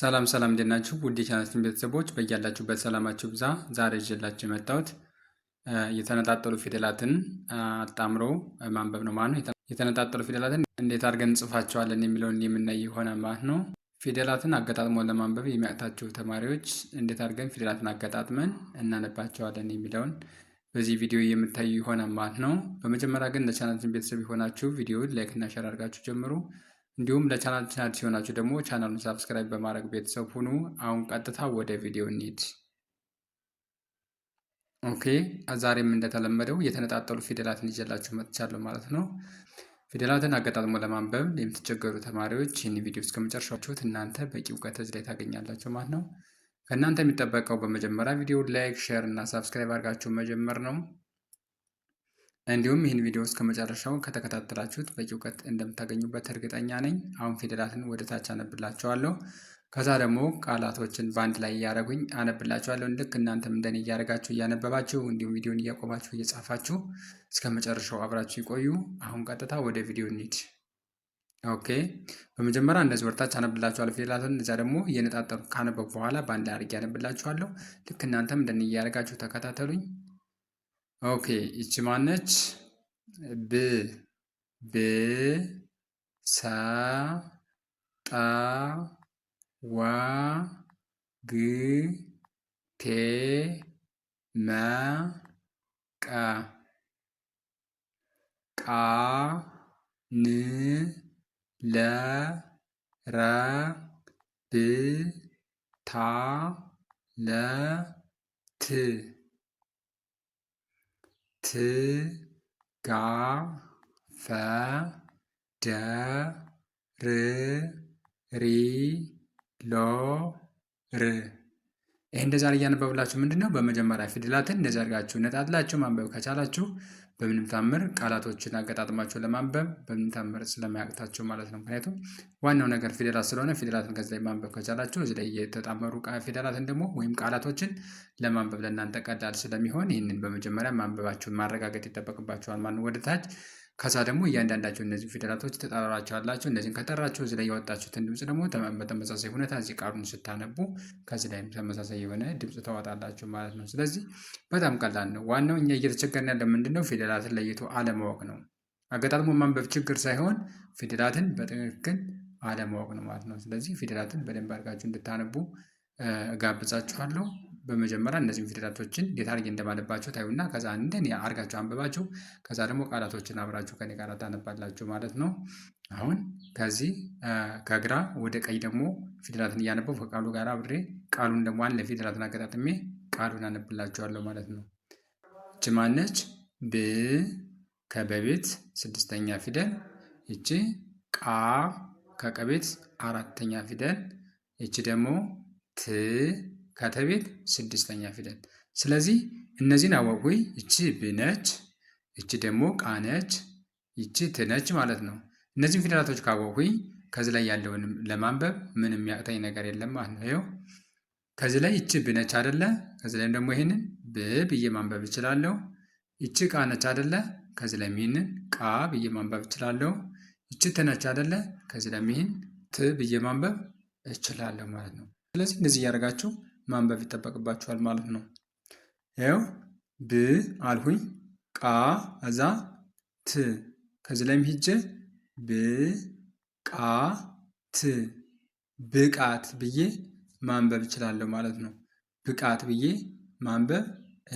ሰላም ሰላም እንዴት ናችሁ? ውድ የቻናላችን ቤተሰቦች በያላችሁበት ሰላማችሁ ብዛ። ዛሬ ይዤላችሁ የመጣሁት የተነጣጠሉ ፊደላትን አጣምሮ ማንበብ ነው ማለት ነው። የተነጣጠሉ ፊደላትን እንዴት አድርገን እንጽፋቸዋለን የሚለውን የምናይ የሆነ ማለት ነው። ፊደላትን አገጣጥሞ ለማንበብ የሚያቅታችሁ ተማሪዎች እንዴት አድርገን ፊደላትን አገጣጥመን እናነባቸዋለን የሚለውን በዚህ ቪዲዮ የምታዩ ይሆናል ማለት ነው። በመጀመሪያ ግን ለቻናላችን ቤተሰብ የሆናችሁ ቪዲዮውን ላይክ እና ሸር አድርጋችሁ ጀምሩ። እንዲሁም ለቻናላችን አዲስ ሲሆናችሁ ደግሞ ቻናሉን ሳብስክራይብ በማድረግ ቤተሰብ ሁኑ። አሁን ቀጥታ ወደ ቪዲዮ እንሂድ። ኦኬ ዛሬም እንደተለመደው የተነጣጠሉ ፊደላትን ይዤላችሁ መጥቻለሁ ማለት ነው። ፊደላትን አገጣጥሞ ለማንበብ የምትቸገሩ ተማሪዎች ይህን ቪዲዮ እስከመጨረሻችሁት እናንተ በቂ እውቀት እዚህ ላይ ታገኛላችሁ ማለት ነው። ከእናንተ የሚጠበቀው በመጀመሪያ ቪዲዮ ላይክ፣ ሼር እና ሳብስክራይብ አድርጋችሁ መጀመር ነው። እንዲሁም ይህን ቪዲዮ እስከ መጨረሻው ከተከታተላችሁት በቂ እውቀት እንደምታገኙበት እርግጠኛ ነኝ። አሁን ፊደላትን ወደ ታች አነብላችኋለሁ። ከዛ ደግሞ ቃላቶችን በአንድ ላይ እያደረጉኝ አነብላችኋለሁ። ልክ እናንተም እንደኔ እያደረጋችሁ እያነበባችሁ፣ እንዲሁም ቪዲዮን እያቆማችሁ እየጻፋችሁ እስከ መጨረሻው አብራችሁ ይቆዩ። አሁን ቀጥታ ወደ ቪዲዮ እንሂድ። ኦኬ፣ በመጀመሪያ እንደዚህ ወርታች አነብላችኋለሁ ፊደላትን። እዛ ደግሞ እየነጣጠሩ ካነበብ በኋላ በአንድ ላይ አድርጌ አነብላችኋለሁ። ልክ እናንተም እንደኔ እያደረጋችሁ ተከታተሉኝ። ኦኬ ይቺ ማነች? ብ ብ ሳ ጣ ዋ ግ ቴ መ ቀ ቃ ን ለ ረ ብ ታ ለ ት ትጋፈደርሪሎር ይህ እንደዛ እያነበብላችሁ ምንድነው በመጀመሪያ ፊደላትን እንደዚህ አድርጋችሁ ነጣጥላችሁ ማንበብ ከቻላችሁ በምንም ታምር ቃላቶችን አገጣጥማቸው ለማንበብ በምንም ታምር ስለማያቅታቸው ማለት ነው። ምክንያቱም ዋናው ነገር ፊደላት ስለሆነ ፊደላትን ከዚ ላይ ማንበብ ከቻላቸው እዚ ላይ የተጣመሩ ፊደላትን ደግሞ ወይም ቃላቶችን ለማንበብ ለእናንተ ቀላል ስለሚሆን ይህንን በመጀመሪያ ማንበባቸውን ማረጋገጥ ይጠበቅባቸዋል ማን ወደታች። ከዛ ደግሞ እያንዳንዳቸው እነዚህ ፊደላቶች ተጠራራቸው አላቸው። እነዚህን ከጠራቸው እዚህ ላይ ያወጣችሁትን ድምፅ ደግሞ በተመሳሳይ ሁኔታ እዚህ ቃሉን ስታነቡ ከዚህ ላይ ተመሳሳይ የሆነ ድምፅ ታወጣላችሁ ማለት ነው። ስለዚህ በጣም ቀላል ነው። ዋናው እኛ እየተቸገርን ያለ ምንድን ነው? ፊደላትን ለይቶ አለማወቅ ነው። አገጣጥሞ ማንበብ ችግር ሳይሆን ፊደላትን በትክክል አለማወቅ ነው ማለት ነው። ስለዚህ ፊደላትን በደንብ አድርጋችሁ እንድታነቡ እጋብዛችኋለሁ። በመጀመሪያ እነዚህም ፊደላቶችን እንዴት አድርጌ እንደማነባቸው ታዩና ከዛ እንደኔ አድርጋችሁ አንብባችሁ ከዛ ደግሞ ቃላቶችን አብራችሁ ከኔ ጋር ታነባላችሁ ማለት ነው። አሁን ከዚህ ከግራ ወደ ቀኝ ደግሞ ፊደላትን እያነበው ከቃሉ ጋር አብሬ ቃሉን ደግሞ አንድ ለፊደላትን አገጣጥሜ ቃሉን አነብላችኋለሁ ማለት ነው። እች ማነች? ብ ከበቤት ስድስተኛ ፊደል እቺ ቃ ከቀቤት አራተኛ ፊደል እቺ ደግሞ ት ከተቤት ስድስተኛ ፊደል። ስለዚህ እነዚህን አወቅሁኝ። እቺ ብነች፣ እቺ ደግሞ ቃነች፣ ይቺ ትነች ማለት ነው። እነዚህን ፊደላቶች ካወቅሁኝ ከዚህ ላይ ያለውን ለማንበብ ምን የሚያቅተኝ ነገር የለም ማለት ነው። ይኸው ከዚህ ላይ እቺ ብነች አደለ? ከዚህ ላይም ደግሞ ይህንን ብ ብዬ ማንበብ እችላለሁ። ይቺ ቃነች አደለ? ከዚህ ላይ ይህንን ቃ ብዬ ማንበብ እችላለሁ። ይቺ ትነች አደለ? ከዚህ ላይ ይህን ት ብዬ ማንበብ እችላለሁ ማለት ነው። ስለዚህ እንደዚህ እያደረጋችሁ ማንበብ ይጠበቅባችኋል ማለት ነው። ያው ብ አልሁኝ ቃ እዛ ት ከዚህ ላይም ሂጄ ብ ቃ ት ብቃት ብዬ ማንበብ እችላለሁ ማለት ነው። ብቃት ብዬ ማንበብ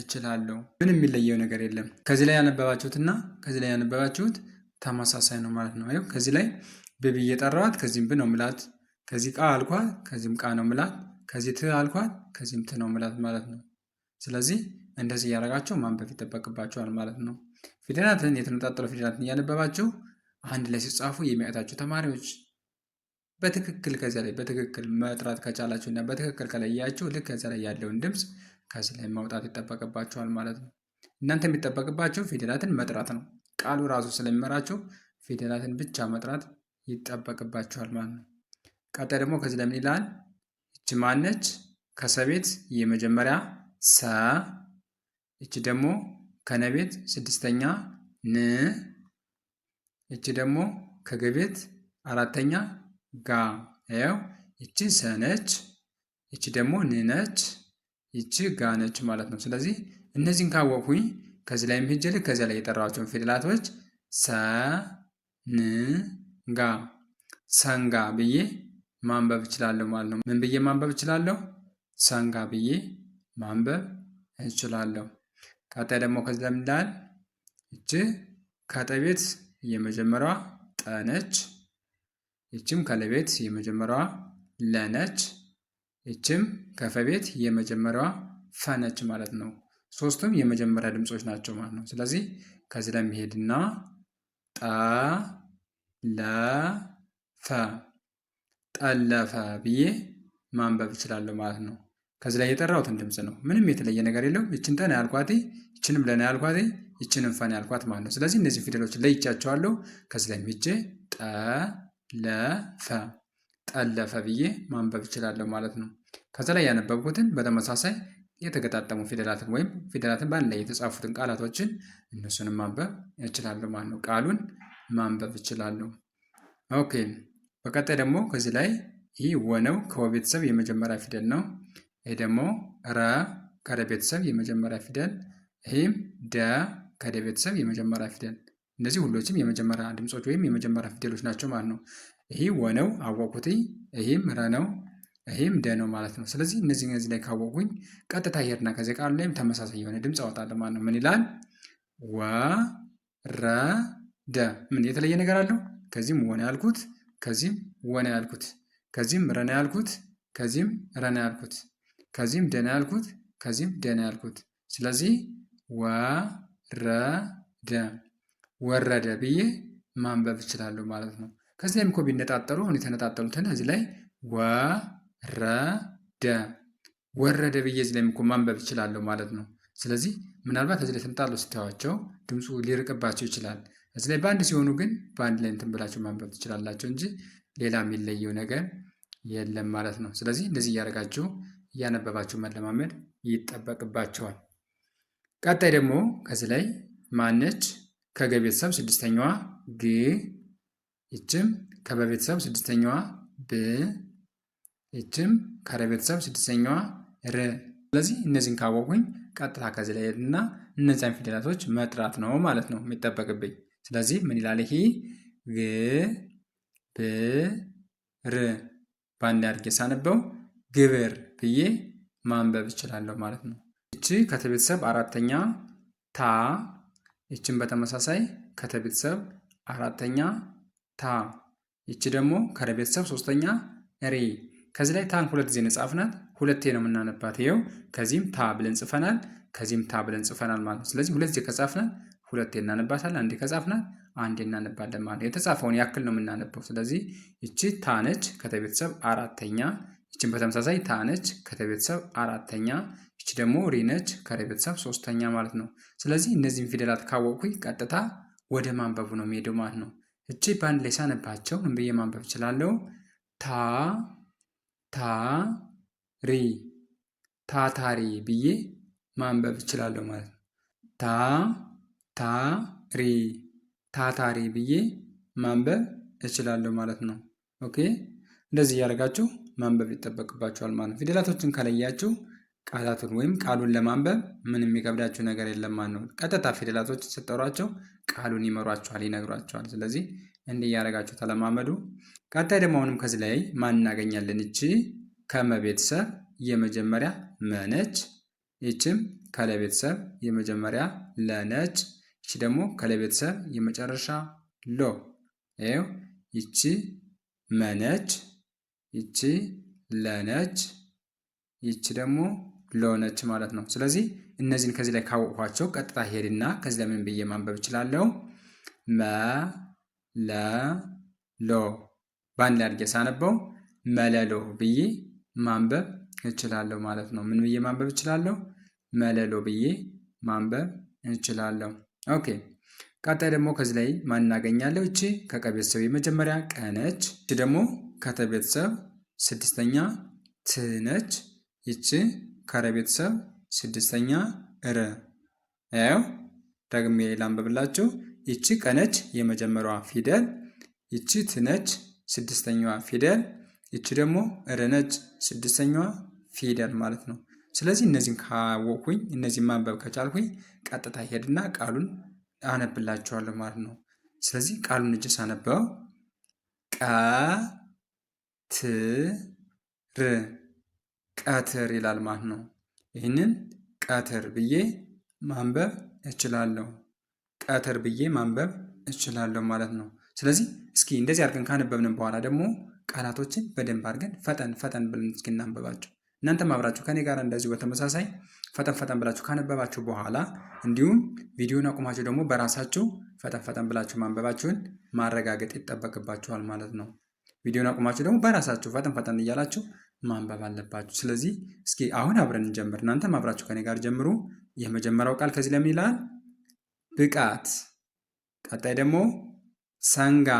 እችላለሁ። ምን የሚለየው ነገር የለም። ከዚህ ላይ ያነበባችሁትና ከዚህ ላይ ያነበባችሁት ተመሳሳይ ነው ማለት ነው። ከዚህ ላይ ብ ብዬ ጠራዋት፣ ከዚህም ብ ነው ምላት። ከዚህ ቃ አልኳት፣ ከዚህም ቃ ነው ምላት። ከዚህ ት አልኳት ከዚህም ት ነው ምላት ማለት ነው። ስለዚህ እንደዚህ እያደረጋችሁ ማንበብ ይጠበቅባችኋል ማለት ነው። ፊደላትን የተነጣጠሉ ፊደላትን እያነበባችሁ አንድ ላይ ሲጻፉ የሚያዩታችሁ ተማሪዎች በትክክል ከዚያ ላይ በትክክል መጥራት ከቻላችሁ እና በትክክል ከለያችሁ ልክ ከዚያ ላይ ያለውን ድምፅ ከዚህ ላይ ማውጣት ይጠበቅባችኋል ማለት ነው። እናንተ የሚጠበቅባችሁ ፊደላትን መጥራት ነው። ቃሉ ራሱ ስለሚመራችሁ ፊደላትን ብቻ መጥራት ይጠበቅባችኋል ማለት ነው። ቀጣይ ደግሞ ከዚህ ለምን ይላል? ማነች? ከሰቤት የመጀመሪያ ሰ እች ደግሞ ከነቤት ስድስተኛ ን እች ደግሞ ከገቤት አራተኛ ጋ ያው ይቺ ሰነች እች ደግሞ ንነች ይቺ ጋነች ማለት ነው። ስለዚህ እነዚህን ካወቅሁኝ ከዚህ ላይ ምህጀል ከዚያ ላይ የጠራቸውን ፊደላቶች ሰ ን ጋ ሰንጋ ብዬ ማንበብ እችላለሁ ማለት ነው። ምን ብዬ ማንበብ እችላለሁ? ሰንጋ ብዬ ማንበብ እችላለሁ። ቀጣይ ደግሞ ከዚህ ለምንላል እች ከጠቤት የመጀመሪያ ጠነች። ይችም ከለቤት የመጀመሪያ ለነች። ይችም ከፈቤት የመጀመሪያ ፈነች ማለት ነው። ሶስቱም የመጀመሪያ ድምፆች ናቸው ማለት ነው። ስለዚህ ከዚህ ለሚሄድና ጠ ለ ፈ ጠለፈ ብዬ ማንበብ እችላለሁ ማለት ነው። ከዚህ ላይ የጠራሁትን ድምፅ ነው። ምንም የተለየ ነገር የለው ይችን ጠን ያልኳት፣ ይችንም ለና ያልኳት፣ ይችንም ፈን ያልኳት ማለት ነው። ስለዚህ እነዚህ ፊደሎች ለይቻቸዋለሁ። ከዚህ ላይ ምጄ ጠለፈ ጠለፈ ብዬ ማንበብ እችላለሁ ማለት ነው። ከዚ ላይ ያነበብኩትን በተመሳሳይ የተገጣጠሙ ፊደላትን ወይም ፊደላትን በአንድ ላይ የተጻፉትን ቃላቶችን እነሱንም ማንበብ እችላለሁ ማለት ነው። ቃሉን ማንበብ እችላለሁ። ኦኬ በቀጣይ ደግሞ ከዚህ ላይ ይህ ወነው ከወ ቤተሰብ የመጀመሪያ ፊደል ነው። ይህ ደግሞ ረ ከረ ቤተሰብ የመጀመሪያ ፊደል፣ ይህም ደ ከደ ቤተሰብ የመጀመሪያ ፊደል። እነዚህ ሁሎችም የመጀመሪያ ድምፆች ወይም የመጀመሪያ ፊደሎች ናቸው ማለት ነው። ይህ ወነው አወቁት፣ ይህም ረ ነው፣ ይህም ደ ነው ማለት ነው። ስለዚህ እነዚህ እነዚህ ላይ ካወቁኝ ቀጥታ ሄድና ከዚህ ቃል ላይም ተመሳሳይ የሆነ ድምፅ አወጣለሁ ማለት ነው። ምን ይላል? ወ ረ ደ ምን የተለየ ነገር አለው? ከዚህም ወነ ያልኩት ከዚህም ወነ ያልኩት ከዚህም ረነ ያልኩት ከዚህም ረነ ያልኩት ከዚህም ደነ ያልኩት ከዚህም ደነ ያልኩት። ስለዚህ ወረደ ወረደ ብዬ ማንበብ እችላለሁ ማለት ነው። ከዚህም እኮ ቢነጣጠሉ አሁን የተነጣጠሉትን እዚህ ላይ ወረደ ወረደ ብዬ እዚህ ላይ እኮ ማንበብ እችላለሁ ማለት ነው። ስለዚህ ምናልባት እዚህ ላይ ተነጣጥሎ ስታዩዋቸው ድምፁ ሊርቅባቸው ይችላል። እዚህ ላይ በአንድ ሲሆኑ ግን በአንድ ላይ እንትን ብላችሁ ማንበብ ትችላላችሁ እንጂ ሌላ የሚለየው ነገር የለም ማለት ነው። ስለዚህ እንደዚህ እያደረጋችሁ እያነበባችሁ መለማመድ ይጠበቅባቸዋል። ቀጣይ ደግሞ ከዚህ ላይ ማነች ከገ ቤተሰብ ስድስተኛዋ ግ፣ ይችም ከበ ቤተሰብ ስድስተኛዋ ብ፣ ይችም ከረ ቤተሰብ ስድስተኛዋ ር። ስለዚህ እነዚህን ካወቁኝ ቀጥታ ከዚህ ላይ እና እነዚያን ፊደላቶች መጥራት ነው ማለት ነው የሚጠበቅብኝ። ስለዚህ ምን ይላል ይሄ ግ ብ ር በአንድ አድርጌ ሳነበው ግብር ብዬ ማንበብ እችላለሁ ማለት ነው። እቺ ከተቤተሰብ አራተኛ ታ፣ እችን በተመሳሳይ ከተቤተሰብ አራተኛ ታ፣ እቺ ደግሞ ከረቤተሰብ ሶስተኛ ሬ። ከዚህ ላይ ታን ሁለት ጊዜ ነጻፍናት፣ ሁለቴ ነው የምናነባት። ይኸው ከዚህም ታ ብለን ጽፈናል፣ ከዚህም ታ ብለን ጽፈናል ማለት ነው። ስለዚህ ሁለት ጊዜ ከጻፍናት ሁለቴ እናነባታለን። አንዴ ከጻፍናት አንዴ እናነባለን ማለት ነው። የተጻፈውን ያክል ነው የምናነበው። ስለዚህ ይቺ ታነች ከተቤተሰብ አራተኛ፣ ይችን በተመሳሳይ ታነች ከተቤተሰብ አራተኛ፣ ይቺ ደግሞ ሪነች ከቤተሰብ ሶስተኛ ማለት ነው። ስለዚህ እነዚህን ፊደላት ካወቅኩኝ ቀጥታ ወደ ማንበቡ ነው የሚሄደው ማለት ነው። እቺ በአንድ ላይ ሳነባቸው ምን ብዬ ማንበብ እችላለሁ? ታ ታ ሪ ታታሪ ብዬ ማንበብ እችላለሁ ማለት ነው። ታ ታሪ ታታሪ ብዬ ማንበብ እችላለሁ ማለት ነው። ኦኬ እንደዚህ እያደረጋችሁ ማንበብ ይጠበቅባችኋል ማለት ነው። ፊደላቶችን ከለያችሁ ቃላቱን ወይም ቃሉን ለማንበብ ምን የሚከብዳችሁ ነገር የለም ማለት ነው። ቀጥታ ፊደላቶች ስጠሯቸው ቃሉን ይመሯቸዋል ይነግሯቸዋል ስለዚህ እንዲህ እያደረጋችሁ ተለማመዱ። ቀጣይ ደግሞ አሁንም ከዚህ ላይ ማን እናገኛለን? እቺ ከመቤተሰብ የመጀመሪያ መነች፣ ይችም ከለቤተሰብ የመጀመሪያ ለነች ይቺ ደግሞ ከለ ቤተሰብ የመጨረሻ ሎ ይው ይቺ መነች፣ ይቺ ለነች፣ ይቺ ደግሞ ሎነች ማለት ነው። ስለዚህ እነዚህን ከዚህ ላይ ካወቅኋቸው ቀጥታ ሄድና ከዚህ ላይ ምን ብዬ ማንበብ እችላለሁ? መ ለ ሎ በአንድ ላይ አድርጌ ሳነበው መለሎ ብዬ ማንበብ እችላለሁ ማለት ነው። ምን ብዬ ማንበብ እችላለሁ? መለሎ ብዬ ማንበብ እችላለሁ? ኦኬ ቀጣይ ደግሞ ከዚህ ላይ ማን እናገኛለሁ? እቺ ከቀ ቤተሰብ የመጀመሪያ ቀነች። እቺ ደግሞ ከተ ቤተሰብ ስድስተኛ ትነች። ይቺ ከረ ቤተሰብ ስድስተኛ ረ። ያው ደግሜ ላንብብላችሁ። ይቺ ቀነች የመጀመሪያዋ ፊደል፣ ይቺ ትነች ስድስተኛዋ ፊደል፣ ይቺ ደግሞ ረነች ስድስተኛዋ ፊደል ማለት ነው። ስለዚህ እነዚህን ካወቅኩኝ እነዚህን ማንበብ ከቻልኩኝ ቀጥታ ሄድና ቃሉን አነብላችኋለሁ ማለት ነው። ስለዚህ ቃሉን እጅ ሳነበው ቀትር ቀትር ይላል ማለት ነው። ይህንን ቀትር ብዬ ማንበብ እችላለሁ። ቀትር ብዬ ማንበብ እችላለሁ ማለት ነው። ስለዚህ እስኪ እንደዚህ አድርገን ካነበብን በኋላ ደግሞ ቃላቶችን በደንብ አድርገን ፈጠን ፈጠን ብለን እስኪ እናንበባቸው። እናንተም አብራችሁ ከኔ ጋር እንደዚሁ በተመሳሳይ ፈጠን ፈጠን ብላችሁ ካነበባችሁ በኋላ እንዲሁም ቪዲዮን አቁማችሁ ደግሞ በራሳችሁ ፈጠን ፈጠን ብላችሁ ማንበባችሁን ማረጋገጥ ይጠበቅባችኋል ማለት ነው። ቪዲዮን አቁማችሁ ደግሞ በራሳችሁ ፈጠን ፈጠን እያላችሁ ማንበብ አለባችሁ። ስለዚህ እስኪ አሁን አብረን እንጀምር። እናንተም አብራችሁ ከኔ ጋር ጀምሩ። የመጀመሪያው ቃል ከዚህ ለምን ይላል? ብቃት። ቀጣይ ደግሞ ሰንጋ፣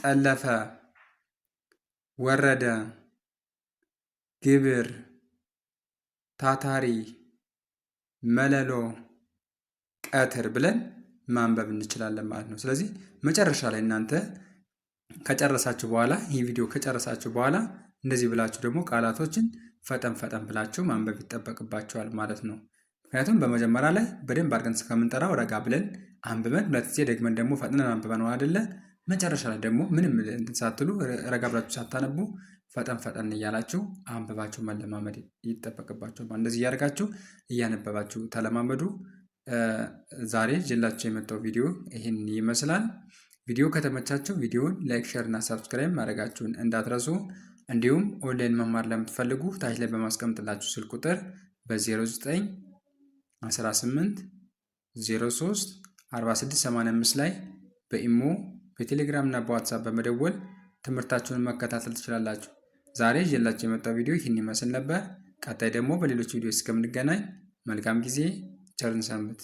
ጠለፈ፣ ወረደ ግብር ታታሪ መለሎ ቀትር ብለን ማንበብ እንችላለን ማለት ነው። ስለዚህ መጨረሻ ላይ እናንተ ከጨረሳችሁ በኋላ ይህ ቪዲዮ ከጨረሳችሁ በኋላ እንደዚህ ብላችሁ ደግሞ ቃላቶችን ፈጠን ፈጠን ብላችሁ ማንበብ ይጠበቅባችኋል ማለት ነው። ምክንያቱም በመጀመሪያ ላይ በደንብ አድርገን እስከምንጠራው ረጋ ብለን አንብበን ሁለት ጊዜ ደግመን ደግሞ ፈጥነን አንብበን አደለ? መጨረሻ ላይ ደግሞ ምንም ሳትሉ ረጋ ብላችሁ ሳታነቡ ፈጠን ፈጠን እያላችሁ አንብባችሁ መለማመድ ይጠበቅባችኋል። እንደዚህ እያደርጋችሁ እያነበባችሁ ተለማመዱ። ዛሬ ጅላችሁ የመጣው ቪዲዮ ይህን ይመስላል። ቪዲዮ ከተመቻችሁ ቪዲዮን ላይክ፣ ሼር እና ሰብስክራይብ ማድረጋችሁን እንዳትረሱ። እንዲሁም ኦንላይን መማር ለምትፈልጉ ታች ላይ በማስቀምጥላችሁ ስልክ ቁጥር በ 0918 03 4685 ላይ በኢሞ በቴሌግራም እና በዋትሳፕ በመደወል ትምህርታችሁን መከታተል ትችላላችሁ። ዛሬ ይዤላችሁ የመጣው ቪዲዮ ይህን ይመስል ነበር። ቀጣይ ደግሞ በሌሎች ቪዲዮ እስከምንገናኝ መልካም ጊዜ፣ ቸርን ሰንብት።